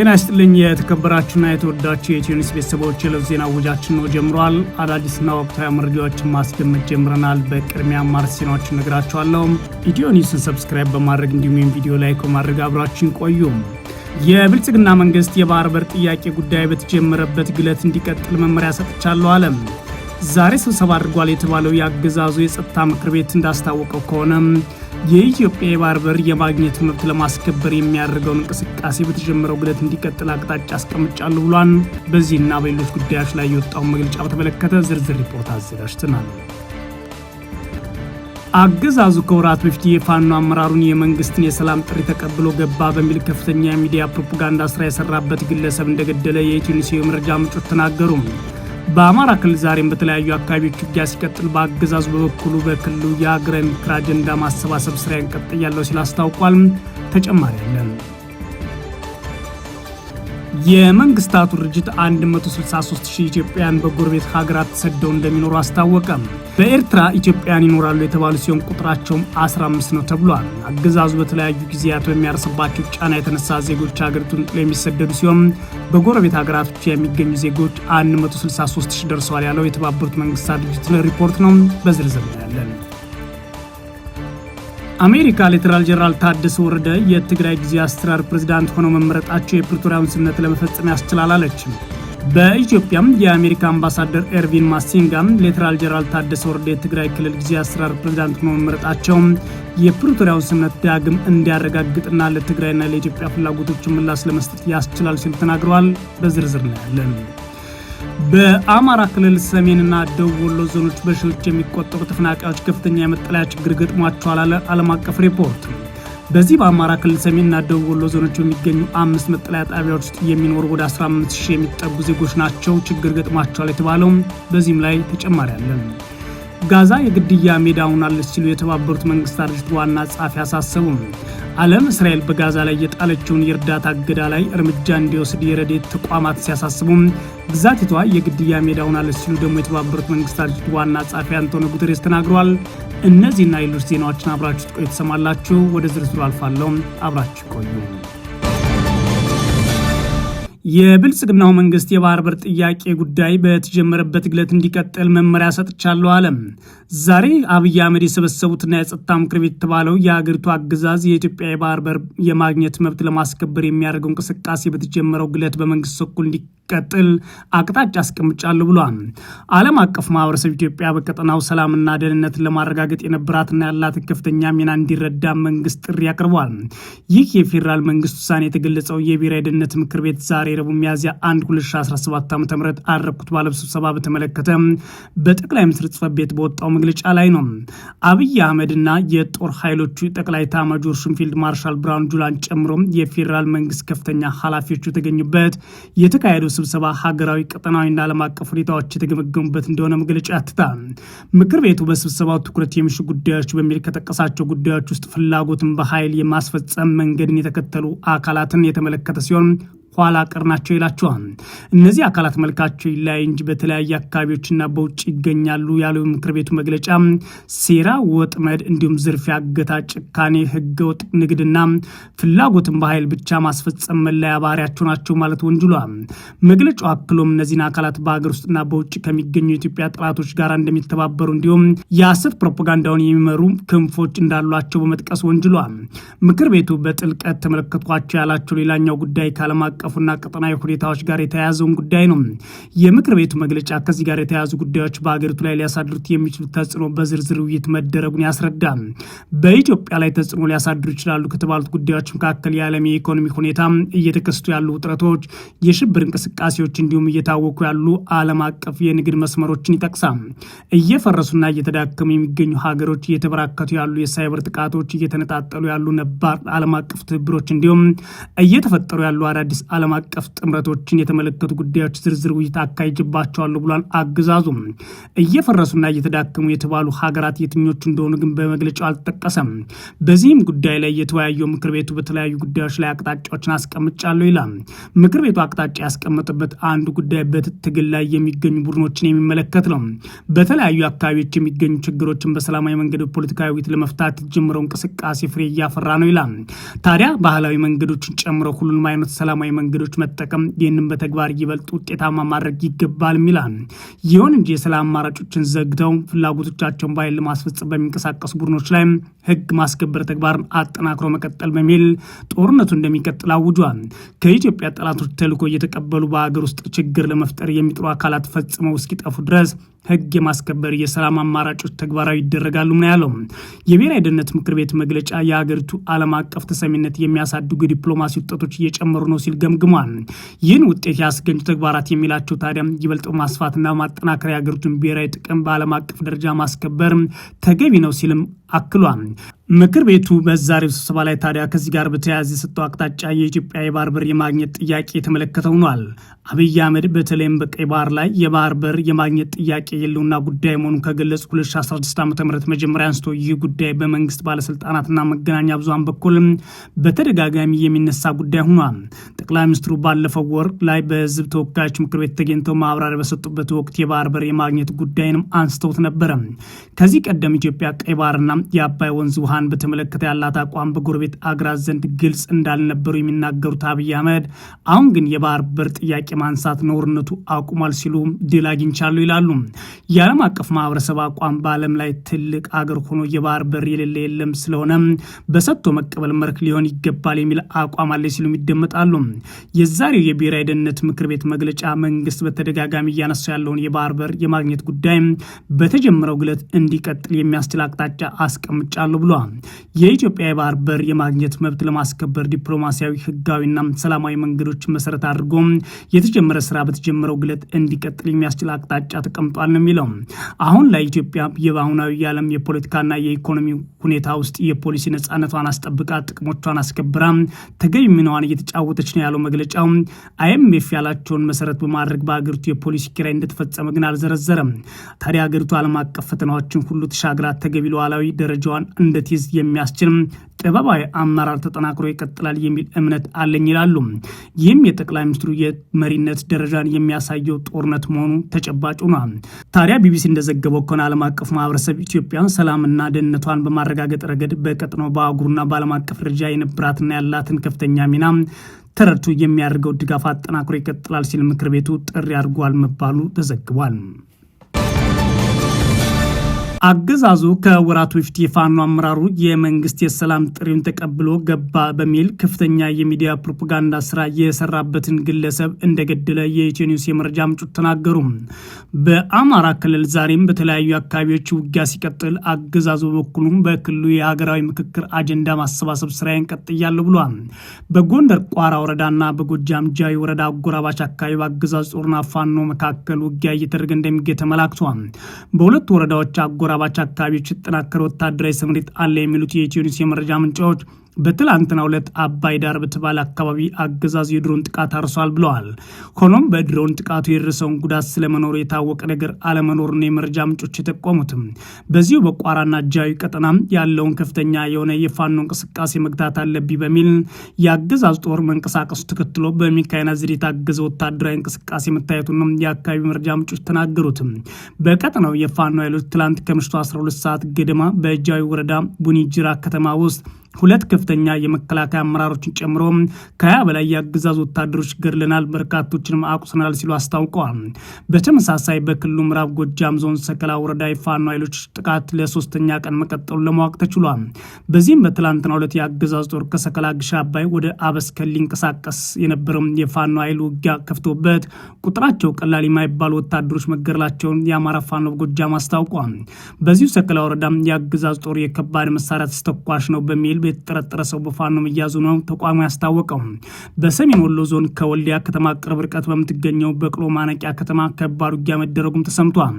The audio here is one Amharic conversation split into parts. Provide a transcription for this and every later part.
ጤና ይስጥልኝ የተከበራችሁና የተወዳችሁ የኢትዮኒስ ቤተሰቦች የዕለቱ ዜና ውጃችን ነው ጀምሯል። አዳዲስና ወቅታዊ መረጃዎችን ማስደመጥ ጀምረናል። በቅድሚያ አማርስ ዜናዎችን እነግራችኋለሁ። ኢትዮኒስን ሰብስክራይብ በማድረግ እንዲሁም ቪዲዮ ላይክ በማድረግ አብራችን ቆዩም። የብልጽግና መንግስት የባህር በር ጥያቄ ጉዳይ በተጀመረበት ግለት እንዲቀጥል መመሪያ ሰጥቻለሁ አለም። ዛሬ ስብሰባ አድርጓል የተባለው የአገዛዙ የጸጥታ ምክር ቤት እንዳስታወቀው ከሆነም። የኢትዮጵያ የባህር በር የማግኘት መብት ለማስከበር የሚያደርገውን እንቅስቃሴ በተጀመረው ግለት እንዲቀጥል አቅጣጫ አስቀምጫለሁ ብሏል። በዚህና በሌሎች ጉዳዮች ላይ የወጣውን መግለጫ በተመለከተ ዝርዝር ሪፖርት አዘጋጅተናል። አገዛዙ ከወራት በፊት የፋኖ አመራሩን የመንግስትን የሰላም ጥሪ ተቀብሎ ገባ በሚል ከፍተኛ የሚዲያ ፕሮፓጋንዳ ስራ የሰራበት ግለሰብ እንደገደለ የኢትዮ መረጃ ምንጮች ተናገሩም። በአማራ ክልል ዛሬም በተለያዩ አካባቢዎች ውጊያ ሲቀጥል በአገዛዙ በበኩሉ በክልሉ የሀገራዊ ምክር አጀንዳ ማሰባሰብ ስራ ያንቀጥ ሲል አስታውቋል። ተጨማሪ አለን። የመንግስታቱ ድርጅት 163 ሺህ ኢትዮጵያን በጎረቤት ሀገራት ተሰደው እንደሚኖሩ አስታወቀም። በኤርትራ ኢትዮጵያን ይኖራሉ የተባሉ ሲሆን ቁጥራቸውም 15 ነው ተብሏል። አገዛዙ በተለያዩ ጊዜያት በሚያርስባቸው ጫና የተነሳ ዜጎች ሀገሪቱን ጥሎ የሚሰደዱ ሲሆን በጎረቤት ሀገራት የሚገኙ ዜጎች 163 ሺህ ደርሰዋል ያለው የተባበሩት መንግስታት ድርጅት ሪፖርት ነው። በዝርዝር ያለን አሜሪካ ሌተናል ጀነራል ታደሰ ወረደ የትግራይ ጊዜ አስተዳደር ፕሬዝዳንት ሆነው መመረጣቸው የፕሪቶሪያውን ስምምነት ለመፈጸም ያስችላል በኢትዮጵያም የአሜሪካ አምባሳደር ኤርቪን ማሲንጋም ሌተናል ጀነራል ታደሰ ወረደ የትግራይ ክልል ጊዜ አስተዳደር ፕሬዝዳንት ሆነው መመረጣቸው የፕሪቶሪያውን ስምምነት ዳግም እንዲያረጋግጥና ለትግራይና ለኢትዮጵያ ፍላጎቶችን ምላሽ ለመስጠት ያስችላል ሲሉ ተናግረዋል። በዝርዝር ነው በአማራ ክልል ሰሜንና ደቡብ ወሎ ዞኖች በሺዎች የሚቆጠሩ ተፈናቃዮች ከፍተኛ የመጠለያ ችግር ገጥሟቸዋል አለ ዓለም አቀፍ ሪፖርት። በዚህ በአማራ ክልል ሰሜንና ደቡብ ወሎ ዞኖች በሚገኙ አምስት መጠለያ ጣቢያዎች ውስጥ የሚኖሩ ወደ 15 ሺህ የሚጠጉ ዜጎች ናቸው ችግር ገጥሟቸዋል የተባለው። በዚህም ላይ ተጨማሪ አለን። ጋዛ የግድያ ሜዳ ሆናለች ሲሉ የተባበሩት መንግስታት ድርጅት ዋና ጸሐፊ አሳሰቡም። ዓለም እስራኤል በጋዛ ላይ የጣለችውን የእርዳታ እገዳ ላይ እርምጃ እንዲወስድ የረድኤት ተቋማት ሲያሳስቡም፣ ግዛቲቷ የግድያ ሜዳ ሆናለች ሲሉ ደግሞ የተባበሩት መንግስታት ድርጅት ዋና ጸሐፊ አንቶኒዮ ጉተሬስ ተናግረዋል። እነዚህና ሌሎች ዜናዎችን አብራችሁ ትቆዩ ትሰማላችሁ። ወደ ዝርዝሩ አልፋለሁ። አብራችሁ ቆዩ። የብልጽግናው መንግስት የባህር በር ጥያቄ ጉዳይ በተጀመረበት ግለት እንዲቀጥል መመሪያ ሰጥቻለሁ አለ። ዛሬ አብይ አህመድ የሰበሰቡትና የጸጥታ ምክር ቤት የተባለው የአገሪቱ አገዛዝ የኢትዮጵያ የባህር በር የማግኘት መብት ለማስከበር የሚያደርገው እንቅስቃሴ በተጀመረው ግለት በመንግስት በኩል እንዲ እንዲቀጥል አቅጣጫ አስቀምጫለሁ ብሏል። ዓለም አቀፍ ማህበረሰብ ኢትዮጵያ በቀጠናው ሰላምና ደህንነትን ለማረጋገጥ የነበራትና ያላትን ከፍተኛ ሚና እንዲረዳ መንግስት ጥሪ አቅርቧል። ይህ የፌዴራል መንግስት ውሳኔ የተገለጸው የብሔራዊ ደህንነት ምክር ቤት ዛሬ ረቡዕ ሚያዝያ 1 2017 ዓ ም አረኩት ባለ ስብሰባ በተመለከተ በጠቅላይ ሚኒስትር ጽፈት ቤት በወጣው መግለጫ ላይ ነው። አብይ አህመድና የጦር ኃይሎቹ ጠቅላይ ኤታማዦር ሹም ፊልድ ማርሻል ብርሃኑ ጁላን ጨምሮ የፌዴራል መንግስት ከፍተኛ ኃላፊዎቹ የተገኙበት የተካሄደው ስብሰባ ሀገራዊ ቀጠናዊና ዓለም አቀፍ ሁኔታዎች የተገመገሙበት እንደሆነ መግለጫ ያትታል። ምክር ቤቱ በስብሰባው ትኩረት የሚሹ ጉዳዮች በሚል ከጠቀሳቸው ጉዳዮች ውስጥ ፍላጎትን በኃይል የማስፈጸም መንገድን የተከተሉ አካላትን የተመለከተ ሲሆን ኋላ ቀር ናቸው ይላቸዋል። እነዚህ አካላት መልካቸው ይለያይ እንጂ በተለያየ አካባቢዎችና በውጭ ይገኛሉ ያለው ምክር ቤቱ መግለጫ ሴራ፣ ወጥመድ፣ እንዲሁም ዝርፊያ፣ እገታ፣ ጭካኔ፣ ህገወጥ ንግድና ፍላጎትን በኃይል ብቻ ማስፈጸም መለያ ባህሪያቸው ናቸው ማለት ወንጅሏል። መግለጫው አክሎም እነዚህን አካላት በሀገር ውስጥና በውጭ ከሚገኙ የኢትዮጵያ ጠላቶች ጋር እንደሚተባበሩ እንዲሁም የሐሰት ፕሮፓጋንዳውን የሚመሩ ክንፎች እንዳሏቸው በመጥቀስ ወንጅሏል። ምክር ቤቱ በጥልቀት ተመለከትኳቸው ያላቸው ሌላኛው ጉዳይ ከዓለም አቀፍ አቀፉና ቀጠናዊ ሁኔታዎች ጋር የተያያዘውን ጉዳይ ነው። የምክር ቤቱ መግለጫ ከዚህ ጋር የተያያዙ ጉዳዮች በሀገሪቱ ላይ ሊያሳድሩት የሚችሉት ተጽዕኖ በዝርዝር ውይይት መደረጉን ያስረዳል። በኢትዮጵያ ላይ ተጽዕኖ ሊያሳድሩ ይችላሉ ከተባሉት ጉዳዮች መካከል የዓለም የኢኮኖሚ ሁኔታ፣ እየተከሰቱ ያሉ ውጥረቶች፣ የሽብር እንቅስቃሴዎች እንዲሁም እየታወቁ ያሉ ዓለም አቀፍ የንግድ መስመሮችን ይጠቅሳል። እየፈረሱና እየተዳከሙ የሚገኙ ሀገሮች፣ እየተበራከቱ ያሉ የሳይበር ጥቃቶች፣ እየተነጣጠሉ ያሉ ነባር ዓለም አቀፍ ትብብሮች እንዲሁም እየተፈጠሩ ያሉ አዳዲስ ዓለም አቀፍ ጥምረቶችን የተመለከቱ ጉዳዮች ዝርዝር ውይይት አካሂጅባቸዋለሁ ብሏል። አገዛዙም እየፈረሱና እየተዳከሙ የተባሉ ሀገራት የትኞቹ እንደሆኑ ግን በመግለጫው አልጠቀሰም። በዚህም ጉዳይ ላይ የተወያየው ምክር ቤቱ በተለያዩ ጉዳዮች ላይ አቅጣጫዎችን አስቀምጫለሁ ይላል። ምክር ቤቱ አቅጣጫ ያስቀመጠበት አንዱ ጉዳይ በትግል ላይ የሚገኙ ቡድኖችን የሚመለከት ነው። በተለያዩ አካባቢዎች የሚገኙ ችግሮችን በሰላማዊ መንገድ ፖለቲካዊ ውይይት ለመፍታት ጀምረው እንቅስቃሴ ፍሬ እያፈራ ነው ይላል። ታዲያ ባህላዊ መንገዶችን ጨምረው ሁሉንም አይነት ሰላማዊ መንገዶች መጠቀም ይህንም በተግባር ይበልጥ ውጤታማ ማድረግ ይገባል ይላል። ይሁን እንጂ የሰላም አማራጮችን ዘግተው ፍላጎቶቻቸውን በኃይል ለማስፈጸም በሚንቀሳቀሱ ቡድኖች ላይ ህግ ማስከበር ተግባርን አጠናክሮ መቀጠል በሚል ጦርነቱ እንደሚቀጥል አውጇል። ከኢትዮጵያ ጠላቶች ተልዕኮ እየተቀበሉ በሀገር ውስጥ ችግር ለመፍጠር የሚጥሩ አካላት ፈጽመው እስኪጠፉ ድረስ ህግ የማስከበር የሰላም አማራጮች ተግባራዊ ይደረጋሉ ነው ያለው። የብሔራዊ ደህንነት ምክር ቤት መግለጫ የሀገሪቱ ዓለም አቀፍ ተሰሚነት የሚያሳድጉ የዲፕሎማሲ ውጤቶች እየጨመሩ ነው ሲል ገምግሟል። ይህን ውጤት ያስገኙ ተግባራት የሚላቸው ታዲያ ይበልጥ ማስፋትና ማጠናከር የሀገሪቱን ብሔራዊ ጥቅም በዓለም አቀፍ ደረጃ ማስከበር ተገቢ ነው ሲልም አክሏል። ምክር ቤቱ በዛሬው ስብሰባ ላይ ታዲያ ከዚህ ጋር በተያያዘ የሰጠው አቅጣጫ የኢትዮጵያ የባህር በር የማግኘት ጥያቄ የተመለከተ ሆኗል። አብይ አህመድ በተለይም በቀይ ባህር ላይ የባህር በር የማግኘት ጥያቄ የለውና ጉዳይ መሆኑን ከገለጹ 2016 ዓ ም መጀመሪያ አንስቶ ይህ ጉዳይ በመንግስት ባለስልጣናትና መገናኛ ብዙሃን በኩል በተደጋጋሚ የሚነሳ ጉዳይ ሆኗል። ጠቅላይ ሚኒስትሩ ባለፈው ወር ላይ በህዝብ ተወካዮች ምክር ቤት ተገኝተው ማብራሪያ በሰጡበት ወቅት የባህር በር የማግኘት ጉዳይንም አንስተውት ነበረ። ከዚህ ቀደም ኢትዮጵያ ቀይ ባህርና የአባይ ወንዝ ውሃን በተመለከተ ያላት አቋም በጎረቤት አገራት ዘንድ ግልጽ እንዳልነበሩ የሚናገሩት አብይ አህመድ አሁን ግን የባህር በር ጥያቄ ማንሳት ነውርነቱ አቁሟል ሲሉ ድል አግኝቻለሁ ይላሉ። የዓለም አቀፍ ማህበረሰብ አቋም በዓለም ላይ ትልቅ አገር ሆኖ የባህር በር የሌለ የለም፣ ስለሆነ በሰጥቶ መቀበል መርክ ሊሆን ይገባል የሚል አቋም አለ ሲሉም ይደመጣሉ። የዛሬው የብሔራዊ ደህንነት ምክር ቤት መግለጫ መንግስት በተደጋጋሚ እያነሳው ያለውን የባህር በር የማግኘት ጉዳይ በተጀመረው ግለት እንዲቀጥል የሚያስችል አቅጣጫ አስቀምጫለሁ ብሏል። የኢትዮጵያ የባህር በር የማግኘት መብት ለማስከበር ዲፕሎማሲያዊ፣ ህጋዊና ሰላማዊ መንገዶች መሰረት አድርጎ የተጀመረ ስራ በተጀመረው ግለት እንዲቀጥል የሚያስችል አቅጣጫ ተቀምጧል ነው የሚለው። አሁን ላይ ኢትዮጵያ የአሁናዊ የዓለም የፖለቲካና የኢኮኖሚ ሁኔታ ውስጥ የፖሊሲ ነጻነቷን አስጠብቃ ጥቅሞቿን አስከብራ ተገቢ ሚናዋን እየተጫወተች ነው ያለው መግለጫው። አይኤምኤፍ ያላቸውን መሰረት በማድረግ በሀገሪቱ የፖሊሲ ኪራይ እንደተፈጸመ ግን አልዘረዘረም። ታዲያ ሀገሪቱ ዓለም አቀፍ ፈተናዎችን ሁሉ ተሻግራ ተገቢ ሉዓላዊ ደረጃዋን እንድትይዝ የሚያስችል ጥበባዊ አመራር ተጠናክሮ ይቀጥላል የሚል እምነት አለኝ ይላሉ። ይህም የጠቅላይ ሚኒስትሩ የመሪነት ደረጃን የሚያሳየው ጦርነት መሆኑ ተጨባጭ ሆኗል። ታዲያ ቢቢሲ እንደዘገበው ከሆነ ዓለም አቀፍ ማህበረሰብ ኢትዮጵያን ሰላምና ደህንነቷን በማረጋገጥ ረገድ በቀጥናው በአህጉሩና በዓለም አቀፍ ደረጃ የነበራትና ያላትን ከፍተኛ ሚና ተረድቶ የሚያደርገው ድጋፍ አጠናክሮ ይቀጥላል ሲል ምክር ቤቱ ጥሪ አድርጓል መባሉ ተዘግቧል። አገዛዙ ከወራት በፊት የፋኖ አመራሩ የመንግስት የሰላም ጥሪውን ተቀብሎ ገባ በሚል ከፍተኛ የሚዲያ ፕሮፓጋንዳ ስራ የሰራበትን ግለሰብ እንደገደለ የኢትዮኒውስ የመረጃ ምንጮች ተናገሩ። በአማራ ክልል ዛሬም በተለያዩ አካባቢዎች ውጊያ ሲቀጥል፣ አገዛዙ በበኩሉም በክልሉ የሀገራዊ ምክክር አጀንዳ ማሰባሰብ ስራዬን ቀጥያለሁ ብሏል። በጎንደር ቋራ ወረዳና በጎጃም ጃዊ ወረዳ አጎራባች አካባቢ በአገዛዙ ጦርና ፋኖ መካከል ውጊያ እየተደረገ እንደሚገኝ ተመላክቷል። በሁለቱ ወረዳዎች አጎ በአጎራባች አካባቢዎች የተጠናከረ ወታደራዊ ስምሪት አለ የሚሉት የኢትዮኒስ የመረጃ ምንጫዎች በትላንትና ሁለት አባይ ዳር በተባለ አካባቢ አገዛዝ የድሮን ጥቃት አርሷል ብለዋል። ሆኖም በድሮን ጥቃቱ የደረሰውን ጉዳት ስለመኖሩ የታወቀ ነገር አለመኖሩን የመረጃ ምንጮች የጠቆሙትም በዚሁ በቋራና እጃዊ ቀጠና ያለውን ከፍተኛ የሆነ የፋኖ እንቅስቃሴ መግታት አለብኝ በሚል የአገዛዝ ጦር መንቀሳቀሱ ተከትሎ ዝድ የታገዘ ወታደራዊ እንቅስቃሴ መታየቱን የአካባቢ መረጃ ምንጮች ተናገሩትም። በቀጠናው የፋኖ ኃይሎች ትላንት ከምሽቱ 12 ሰዓት ገደማ በእጃዊ ወረዳ ቡኒጅራ ከተማ ውስጥ ሁለት ከፍተኛ የመከላከያ አመራሮችን ጨምሮ ከሀያ በላይ የአገዛዝ ወታደሮች ገድለናል፣ በርካቶችንም አቁስናል ሲሉ አስታውቀዋል። በተመሳሳይ በክልሉ ምዕራብ ጎጃም ዞን ሰከላ ወረዳ የፋኖ ኃይሎች ጥቃት ለሶስተኛ ቀን መቀጠሉ ለማወቅ ተችሏል። በዚህም በትላንትና ሁለት የአገዛዝ ጦር ከሰከላ ግሻ አባይ ወደ አበስከል ሊንቀሳቀስ የነበረው የፋኖ ኃይል ውጊያ ከፍቶበት ቁጥራቸው ቀላል የማይባሉ ወታደሮች መገደላቸውን የአማራ ፋኖ ጎጃም አስታውቋል። በዚሁ ሰከላ ወረዳ የአገዛዝ ጦር የከባድ መሳሪያ ተስተኳሽ ነው በሚል የተጠረጠረ ሰው በፋኖ መያዙ ነው ተቋሙ ያስታወቀው። በሰሜን ወሎ ዞን ከወልዲያ ከተማ ቅርብ ርቀት በምትገኘው በቅሎ ማነቂያ ከተማ ከባድ ውጊያ መደረጉም ተሰምቷል።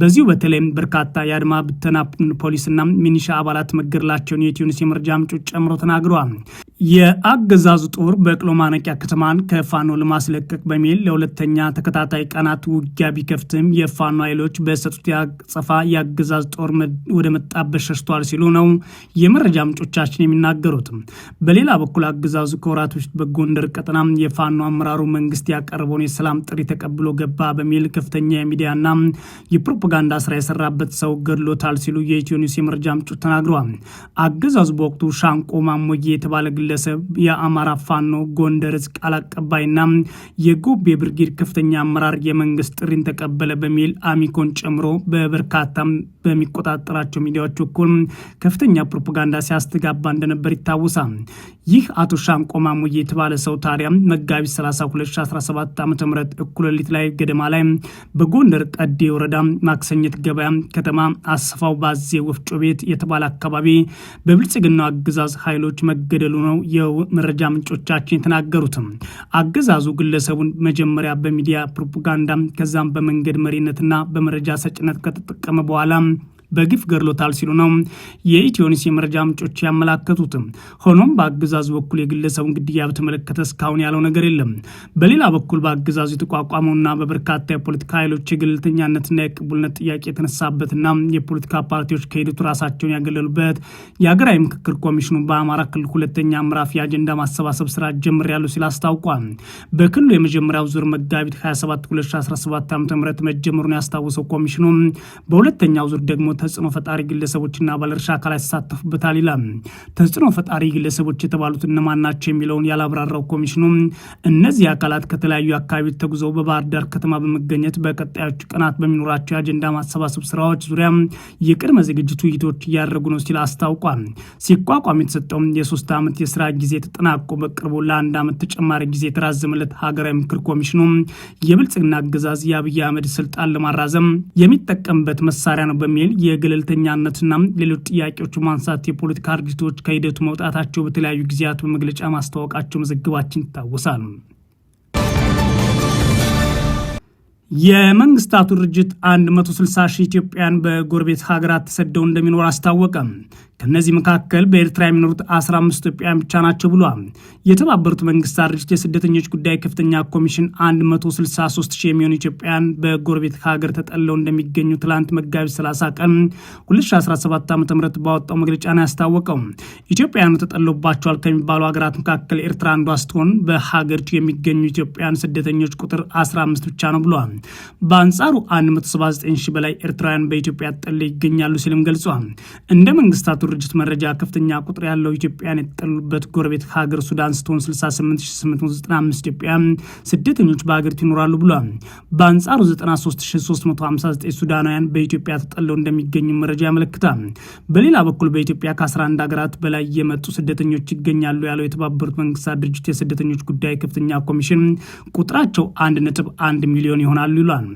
በዚሁ በተለይም በርካታ የአድማ ብተና ፖሊስና ሚኒሻ አባላት መገደላቸውን የቲዩኒስ የመረጃ ምንጮች ጨምሮ ተናግረዋል። የአገዛዙ ጦር በቅሎ ማነቂያ ከተማን ከፋኖ ለማስለቀቅ በሚል ለሁለተኛ ተከታታይ ቀናት ውጊያ ቢከፍትም የፋኖ ኃይሎች በሰጡት ያጸፋ የአገዛዝ ጦር ወደ መጣበት ሸሽቷል ሲሉ ነው የመረጃ ምንጮቻችን ነው የሚናገሩትም። በሌላ በኩል አገዛዙ ከወራቶች በጎንደር ቀጠና የፋኖ አመራሩ መንግስት ያቀረበውን የሰላም ጥሪ ተቀብሎ ገባ በሚል ከፍተኛ የሚዲያና የፕሮፓጋንዳ ስራ የሰራበት ሰው ገድሎታል ሲሉ የኢትዮ ኒውስ የመረጃ ምንጮች ተናግረዋል። አገዛዙ በወቅቱ ሻንቆ ማሞዬ የተባለ ግለሰብ የአማራ ፋኖ ጎንደር ዕዝ ቃል አቀባይና የጎቤ ብርጌድ ከፍተኛ አመራር የመንግስት ጥሪን ተቀበለ በሚል አሚኮን ጨምሮ በበርካታ በሚቆጣጠራቸው ሚዲያዎች እኩል ከፍተኛ ፕሮፓጋንዳ ሲያስተጋባ እንደነበር ይታወሳል። ይህ አቶ ሻንቆ ማሙዬ የተባለ ሰው ታዲያ መጋቢት 30 2017 ዓ ም እኩለ ሌሊት ላይ ገደማ ላይ በጎንደር ጠዴ ወረዳ ማክሰኘት ገበያ ከተማ አስፋው ባዜ ወፍጮ ቤት የተባለ አካባቢ በብልጽግናው አገዛዝ ኃይሎች መገደሉ ነው የመረጃ ምንጮቻችን የተናገሩት። አገዛዙ ግለሰቡን መጀመሪያ በሚዲያ ፕሮፓጋንዳ ከዛም በመንገድ መሪነትና በመረጃ ሰጭነት ከተጠቀመ በኋላ በግፍ ገድሎታል ሲሉ ነው የኢትዮኒስ የመረጃ ምንጮች ያመላከቱትም። ሆኖም በአገዛዙ በኩል የግለሰቡን ግድያ በተመለከተ እስካሁን ያለው ነገር የለም። በሌላ በኩል በአገዛዙ የተቋቋመውና በበርካታ የፖለቲካ ኃይሎች የገለልተኛነትና የቅቡልነት ጥያቄ የተነሳበትና የፖለቲካ ፓርቲዎች ከሂደቱ ራሳቸውን ያገለሉበት የሀገራዊ ምክክር ኮሚሽኑ በአማራ ክልል ሁለተኛ ምዕራፍ የአጀንዳ ማሰባሰብ ስራ ጀምሬያለሁ ሲል አስታውቋል። በክልሉ የመጀመሪያው ዙር መጋቢት 27 2017 ዓ ም መጀመሩን ያስታወሰው ኮሚሽኑ በሁለተኛው ዙር ደግሞ ተጽዕኖ ፈጣሪ ግለሰቦችና ባለእርሻ አካላት ይሳተፉበታል ይላል። ተጽዕኖ ፈጣሪ ግለሰቦች የተባሉት እነማን ናቸው የሚለውን ያላብራራው ኮሚሽኑ እነዚህ አካላት ከተለያዩ አካባቢዎች ተጉዘው በባህር ዳር ከተማ በመገኘት በቀጣዮቹ ቀናት በሚኖራቸው የአጀንዳ ማሰባሰብ ስራዎች ዙሪያ የቅድመ ዝግጅት ውይይቶች እያደረጉ ነው ሲል አስታውቋል። ሲቋቋም የተሰጠው የሶስት ዓመት የስራ ጊዜ ተጠናቆ በቅርቡ ለአንድ ዓመት ተጨማሪ ጊዜ የተራዘመለት ሀገራዊ ምክር ኮሚሽኑ የብልጽግና አገዛዝ የአብይ አህመድ ስልጣን ለማራዘም የሚጠቀምበት መሳሪያ ነው በሚል የገለልተኛነትና ሌሎች ጥያቄዎች ማንሳት የፖለቲካ ድርጅቶች ከሂደቱ መውጣታቸው በተለያዩ ጊዜያት በመግለጫ ማስታወቃቸው መዘግባችን ይታወሳል። የመንግስታቱ ድርጅት 160 ሺህ ኢትዮጵያን በጎረቤት ሀገራት ተሰደው እንደሚኖር አስታወቀ። ከእነዚህ መካከል በኤርትራ የሚኖሩት 15 ኢትዮጵያውያን ብቻ ናቸው ብሏል። የተባበሩት መንግስታት ድርጅት የስደተኞች ጉዳይ ከፍተኛ ኮሚሽን 163 ሺህ የሚሆኑ ኢትዮጵያውያን በጎረቤት ሀገር ተጠለው እንደሚገኙ ትላንት መጋቢት 30 ቀን 2017 ዓ ም ባወጣው መግለጫ ነው ያስታወቀው። ኢትዮጵያውያኑ ተጠለውባቸዋል ከሚባሉ ሀገራት መካከል ኤርትራ አንዷ ስትሆን በሀገሪቱ የሚገኙ ኢትዮጵያውያን ስደተኞች ቁጥር 15 ብቻ ነው ብሏል። በአንጻሩ 179 ሺህ በላይ ኤርትራውያን በኢትዮጵያ ተጠለው ይገኛሉ ሲልም ገልጿል። እንደ መንግስታቱ ድርጅት መረጃ ከፍተኛ ቁጥር ያለው ኢትዮጵያን የተጠሉበት ጎረቤት ሀገር ሱዳን ስትሆን 68895 ኢትዮጵያ ስደተኞች በሀገሪቱ ይኖራሉ ብሏል። በአንጻሩ 93359 ሱዳናውያን በኢትዮጵያ ተጠለው እንደሚገኙ መረጃ ያመለክታል። በሌላ በኩል በኢትዮጵያ ከ11 ሀገራት በላይ የመጡ ስደተኞች ይገኛሉ ያለው የተባበሩት መንግስታት ድርጅት የስደተኞች ጉዳይ ከፍተኛ ኮሚሽን ቁጥራቸው 1.1 ሚሊዮን ይሆናሉ ይሏል።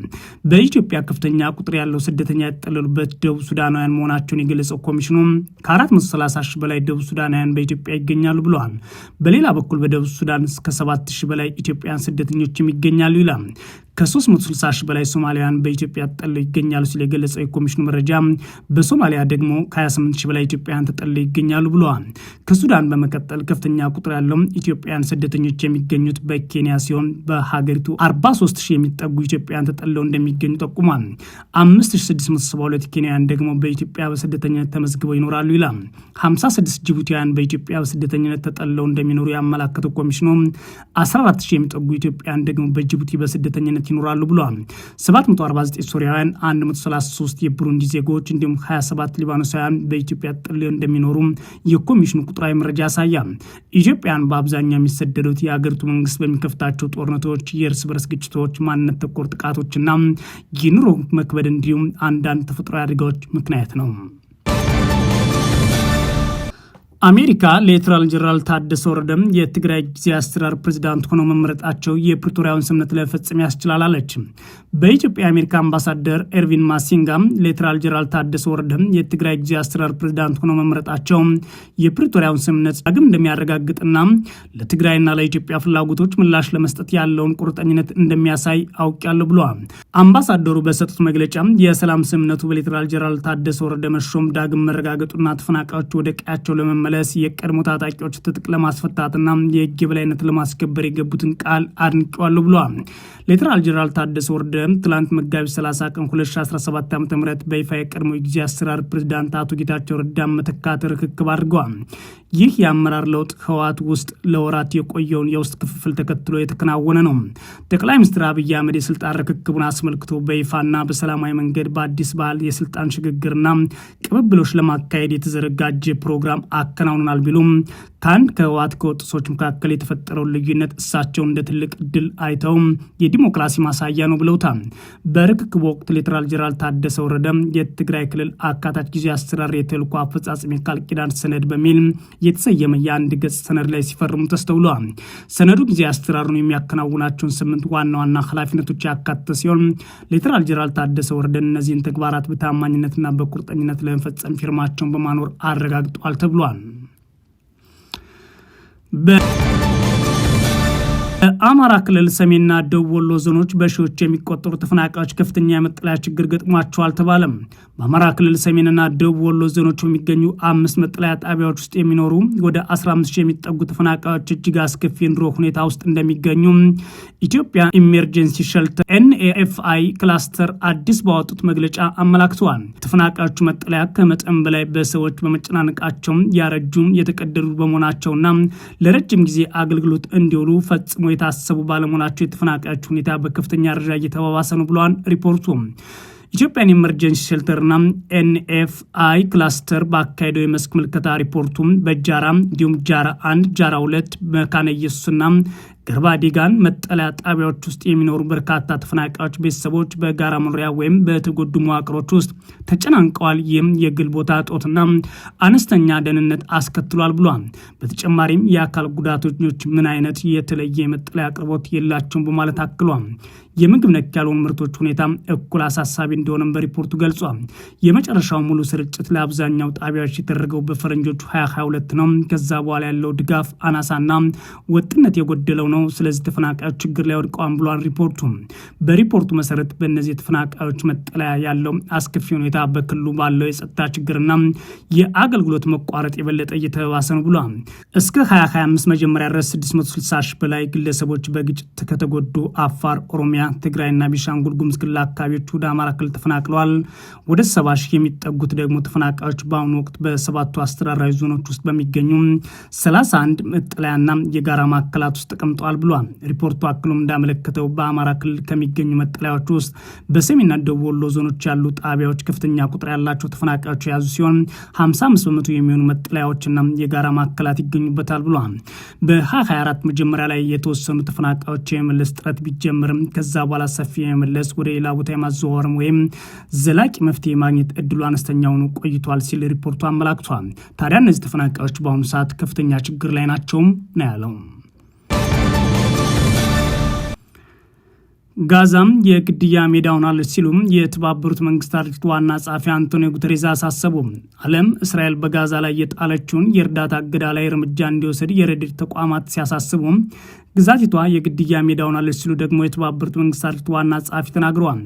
በኢትዮጵያ ከፍተኛ ቁጥር ያለው ስደተኛ የተጠለሉበት ደቡብ ሱዳናውያን መሆናቸውን የገለጸው ኮሚሽኑ ከ430 ሺህ በላይ ደቡብ ሱዳናውያን በኢትዮጵያ ይገኛሉ ብለዋል። በሌላ በኩል በደቡብ ሱዳን እስከ 7 ሺህ በላይ ኢትዮጵያውያን ስደተኞችም ይገኛሉ ይላል። ከ360 ሺህ በላይ ሶማሊያውያን በኢትዮጵያ ተጠለው ይገኛሉ ሲል የገለጸው የኮሚሽኑ መረጃ በሶማሊያ ደግሞ ከ28 ሺህ በላይ ኢትዮጵያውያን ተጠልለው ይገኛሉ ብለዋል። ከሱዳን በመቀጠል ከፍተኛ ቁጥር ያለው ኢትዮጵያውያን ስደተኞች የሚገኙት በኬንያ ሲሆን በሀገሪቱ 43 ሺህ የሚጠጉ ኢትዮጵያውያን ተጠለው እንደሚገኙ ጠቁሟል። 5672 ኬንያውያን ደግሞ በኢትዮጵያ በስደተኝነት ተመዝግበው ይኖራሉ ይላል። 56 ጅቡቲውያን በኢትዮጵያ በስደተኝነት ተጠለው እንደሚኖሩ ያመላከተው ኮሚሽኑ 14 ሺህ የሚጠጉ ኢትዮጵያውያን ደግሞ በጅቡቲ በስደተኝነት በህይወት ይኖራሉ ብለዋል። 749 ሶሪያውያን፣ 133 የቡሩንዲ ዜጎች እንዲሁም 27 ሊባኖሳውያን በኢትዮጵያ ጥልዮ እንደሚኖሩ የኮሚሽኑ ቁጥራዊ መረጃ ያሳያል። ኢትዮጵያን በአብዛኛው የሚሰደዱት የአገሪቱ መንግስት በሚከፍታቸው ጦርነቶች፣ የእርስ በርስ ግጭቶች፣ ማንነት ተኮር ጥቃቶችና የኑሮ መክበድ እንዲሁም አንዳንድ ተፈጥሯዊ አደጋዎች ምክንያት ነው። አሜሪካ ሌተናል ጀነራል ታደሰ ወረደም የትግራይ ጊዜ አስተዳደር ፕሬዚዳንት ሆኖ መመረጣቸው የፕሪቶሪያውን ስምምነት ለመፈጸም ያስችላል አለች። በኢትዮጵያ የአሜሪካ አምባሳደር ኤርቪን ማሲንጋም ሌተናል ጀነራል ታደሰ ወረደም የትግራይ ጊዜ አስተዳደር ፕሬዚዳንት ሆኖ መመረጣቸው የፕሪቶሪያውን ስምምነት ዳግም እንደሚያረጋግጥና ለትግራይና ለኢትዮጵያ ፍላጎቶች ምላሽ ለመስጠት ያለውን ቁርጠኝነት እንደሚያሳይ አውቃለሁ ብለዋል። አምባሳደሩ በሰጡት መግለጫ የሰላም ስምምነቱ በሌተናል ጀነራል ታደሰ ወረደ መሾም ዳግም መረጋገጡና ተፈናቃዮች ወደ ቀያቸው ለመመለ መለስ የቀድሞ ታጣቂዎች ትጥቅ ለማስፈታትና የህግ የበላይነት ለማስከበር የገቡትን ቃል አድንቀዋለሁ ብሏል። ሌተናል ጀነራል ታደሰ ወረደ ትላንት መጋቢት 30 ቀን 2017 ዓ ም በይፋ የቀድሞ ጊዜ አሰራር ፕሬዚዳንት አቶ ጌታቸው ረዳ መተካት ርክክብ አድርገዋል። ይህ የአመራር ለውጥ ህወሓት ውስጥ ለወራት የቆየውን የውስጥ ክፍፍል ተከትሎ የተከናወነ ነው። ጠቅላይ ሚኒስትር አብይ አህመድ የስልጣን ርክክቡን አስመልክቶ በይፋና በሰላማዊ መንገድ በአዲስ ባህል የስልጣን ሽግግርና ቅብብሎች ለማካሄድ የተዘረጋጀ ፕሮግራም አከናውነናል ቢሉም ከአንድ ከህወሓት ከወጡ ሰዎች መካከል የተፈጠረውን ልዩነት እሳቸው እንደ ትልቅ ድል አይተው የዲሞክራሲ ማሳያ ነው ብለውታል። በርክክቡ ወቅት ሌተናል ጄኔራል ታደሰ ወረደ የትግራይ ክልል አካታች ጊዜ አስተዳደር የተልዕኮ አፈጻጸም ቃል ኪዳን ሰነድ በሚል የተሰየመ የአንድ ገጽ ሰነድ ላይ ሲፈርሙ ተስተውለዋል። ሰነዱ ጊዜ አስተራሩን የሚያከናውናቸውን ስምንት ዋና ዋና ኃላፊነቶች ያካተተ ሲሆን ሌተናል ጄኔራል ታደሰ ወረደን እነዚህን ተግባራት በታማኝነትና በቁርጠኝነት ለመፈጸም ፊርማቸውን በማኖር አረጋግጧል ተብሏል። ከአማራ ክልል ሰሜንና ደቡብ ወሎ ዞኖች በሺዎች የሚቆጠሩ ተፈናቃዮች ከፍተኛ የመጠለያ ችግር ገጥሟቸዋል ተባለም። በአማራ ክልል ሰሜንና ደቡብ ወሎ ዞኖች በሚገኙ አምስት መጠለያ ጣቢያዎች ውስጥ የሚኖሩ ወደ 15 የሚጠጉ ተፈናቃዮች እጅግ አስከፊ የኑሮ ሁኔታ ውስጥ እንደሚገኙ ኢትዮጵያ ኢሜርጀንሲ ሸልተር ኤንኤፍአይ ክላስተር አዲስ ባወጡት መግለጫ አመላክተዋል። ተፈናቃዮቹ መጠለያ ከመጠን በላይ በሰዎች በመጨናነቃቸው ያረጁ የተቀደዱ በመሆናቸውና ለረጅም ጊዜ አገልግሎት እንዲውሉ ፈጽሞ የታሰቡ ባለመሆናቸው የተፈናቃዮች ሁኔታ በከፍተኛ ደረጃ እየተባባሰ ነው ብለዋል ሪፖርቱ። ኢትዮጵያን ኤመርጀንሲ ሼልተርና ኤንኤፍአይ ክላስተር በአካሄደው የመስክ ምልከታ ሪፖርቱም በጃራ እንዲሁም ጃራ አንድ ጃራ ሁለት መካነ ኢየሱስና ገርባዲጋን መጠለያ ጣቢያዎች ውስጥ የሚኖሩ በርካታ ተፈናቃዮች ቤተሰቦች በጋራ መኖሪያ ወይም በተጎዱ መዋቅሮች ውስጥ ተጨናንቀዋል። ይህም የግል ቦታ እጦትና አነስተኛ ደህንነት አስከትሏል ብሏል። በተጨማሪም የአካል ጉዳተኞች ምን አይነት የተለየ መጠለያ አቅርቦት የላቸውም በማለት አክሏል። የምግብ ነክ ያልሆኑ ምርቶች ሁኔታ እኩል አሳሳቢ እንደሆነም በሪፖርቱ ገልጿል። የመጨረሻው ሙሉ ስርጭት ለአብዛኛው ጣቢያዎች የተደረገው በፈረንጆቹ 2022 ነው። ከዛ በኋላ ያለው ድጋፍ አናሳና ወጥነት የጎደለው ነው። ስለዚህ ተፈናቃዮች ችግር ላይ ወድቀዋል ብሏል ሪፖርቱ። በሪፖርቱ መሰረት በእነዚህ የተፈናቃዮች መጠለያ ያለው አስከፊ ሁኔታ በክልሉ ባለው የጸጥታ ችግርና የአገልግሎት መቋረጥ የበለጠ እየተባሰ ነው ብሏል። እስከ 2025 መጀመሪያ ድረስ 660 ሺህ በላይ ግለሰቦች በግጭት ከተጎዱ አፋር፣ ኦሮሚያ ኦሮሚያ፣ ትግራይና ቢሻንጉል ጉምዝ ክልል አካባቢዎች ወደ አማራ ክልል ተፈናቅለዋል። ወደ ሰባ ሺህ የሚጠጉት ደግሞ ተፈናቃዮች በአሁኑ ወቅት በሰባቱ አስተዳደራዊ ዞኖች ውስጥ በሚገኙ 31 መጠለያና የጋራ ማዕከላት ውስጥ ተቀምጠዋል ብሏል። ሪፖርቱ አክሎም እንዳመለከተው በአማራ ክልል ከሚገኙ መጠለያዎች ውስጥ በሰሜንና ደቡብ ወሎ ዞኖች ያሉ ጣቢያዎች ከፍተኛ ቁጥር ያላቸው ተፈናቃዮች የያዙ ሲሆን 55 በመቶ የሚሆኑ መጠለያዎችና የጋራ ማዕከላት ይገኙበታል ብሏል። በ24 መጀመሪያ ላይ የተወሰኑ ተፈናቃዮች የመለስ ጥረት ቢጀምርም ከዛ ከዛ በኋላ ሰፊ የመመለስ ወደ ሌላ ቦታ የማዘዋወርም ወይም ዘላቂ መፍትሄ ማግኘት እድሉ አነስተኛ ሆኖ ቆይቷል ሲል ሪፖርቱ አመላክቷል። ታዲያ እነዚህ ተፈናቃዮች በአሁኑ ሰዓት ከፍተኛ ችግር ላይ ናቸውም ነው ያለው። ጋዛም የግድያ ሜዳ ሆናለች ሲሉም የተባበሩት መንግስታት ድርጅት ዋና ጸሐፊ አንቶኒዮ ጉተሬዝ አሳሰቡ። ዓለም እስራኤል በጋዛ ላይ የጣለችውን የእርዳታ እገዳ ላይ እርምጃ እንዲወሰድ የረድኤት ተቋማት ሲያሳስቡ፣ ግዛቲቷ የግድያ ሜዳ ሆናለች ሲሉ ደግሞ የተባበሩት መንግስታት ድርጅት ዋና ጸሐፊ ተናግረዋል።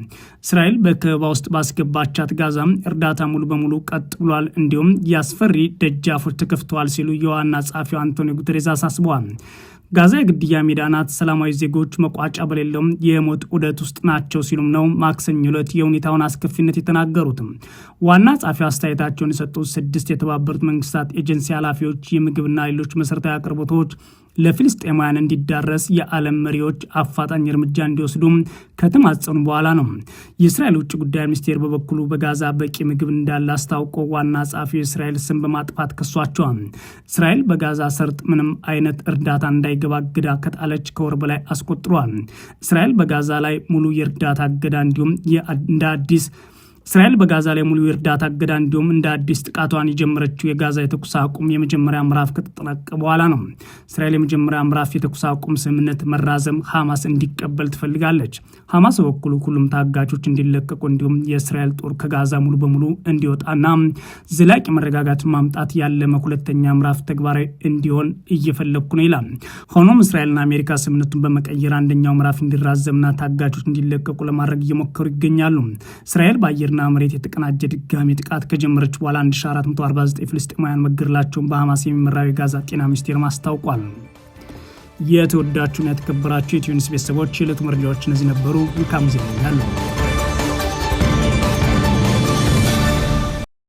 እስራኤል በከበባ ውስጥ ባስገባቻት ጋዛም እርዳታ ሙሉ በሙሉ ቀጥ ብሏል፣ እንዲሁም የአስፈሪ ደጃፎች ተከፍተዋል ሲሉ የዋና ጸሐፊው አንቶኒዮ ጉተሬዝ አሳስበዋል። ጋዛ የግድያ ሜዳ ናት። ሰላማዊ ዜጎች መቋጫ በሌለውም የሞት ዑደት ውስጥ ናቸው ሲሉም ነው ማክሰኞ ዕለት የሁኔታውን አስከፊነት የተናገሩትም። ዋና ጸሐፊው አስተያየታቸውን የሰጡት ስድስት የተባበሩት መንግስታት ኤጀንሲ ኃላፊዎች የምግብና ሌሎች መሠረታዊ አቅርቦቶች ለፊልስጤማውያን እንዲዳረስ የዓለም መሪዎች አፋጣኝ እርምጃ እንዲወስዱም ከተማጸኑ በኋላ ነው። የእስራኤል ውጭ ጉዳይ ሚኒስቴር በበኩሉ በጋዛ በቂ ምግብ እንዳለ አስታውቆ ዋና ጸሐፊው የእስራኤል ስም በማጥፋት ከሷቸዋል። እስራኤል በጋዛ ሰርጥ ምንም አይነት እርዳታ እንዳይ እንዳይገባ እገዳ ከጣለች ከወር በላይ አስቆጥሯል። እስራኤል በጋዛ ላይ ሙሉ የእርዳታ እገዳ እንዲሁም እንደ አዲስ እስራኤል በጋዛ ላይ ሙሉ የእርዳታ እገዳ እንዲሁም እንደ አዲስ ጥቃቷን የጀመረችው የጋዛ የተኩስ አቁም የመጀመሪያ ምዕራፍ ከተጠናቀቀ በኋላ ነው። እስራኤል የመጀመሪያ ምዕራፍ የተኩስ አቁም ስምምነት መራዘም ሐማስ እንዲቀበል ትፈልጋለች። ሐማስ በበኩሉ ሁሉም ታጋቾች እንዲለቀቁ እንዲሁም የእስራኤል ጦር ከጋዛ ሙሉ በሙሉ እንዲወጣና ዘላቂ መረጋጋት ማምጣት ያለመ ሁለተኛ ምዕራፍ ተግባራዊ እንዲሆን እየፈለግኩ ነው ይላል። ሆኖም እስራኤልና አሜሪካ ስምምነቱን በመቀየር አንደኛው ምዕራፍ እንዲራዘምና ታጋቾች እንዲለቀቁ ለማድረግ እየሞከሩ ይገኛሉ። እስራኤል በአየር አየርና መሬት የተቀናጀ ድጋሚ ጥቃት ከጀመረች በኋላ 1449 ፍልስጤማውያን መገደላቸውን በሐማስ የሚመራው የጋዛ ጤና ሚኒስቴር አስታውቋል። የተወዳችሁና የተከበራችሁ የኢትዮ ኒውስ ቤተሰቦች የዕለቱ መረጃዎች እነዚህ ነበሩ። መልካም ዜና ያለው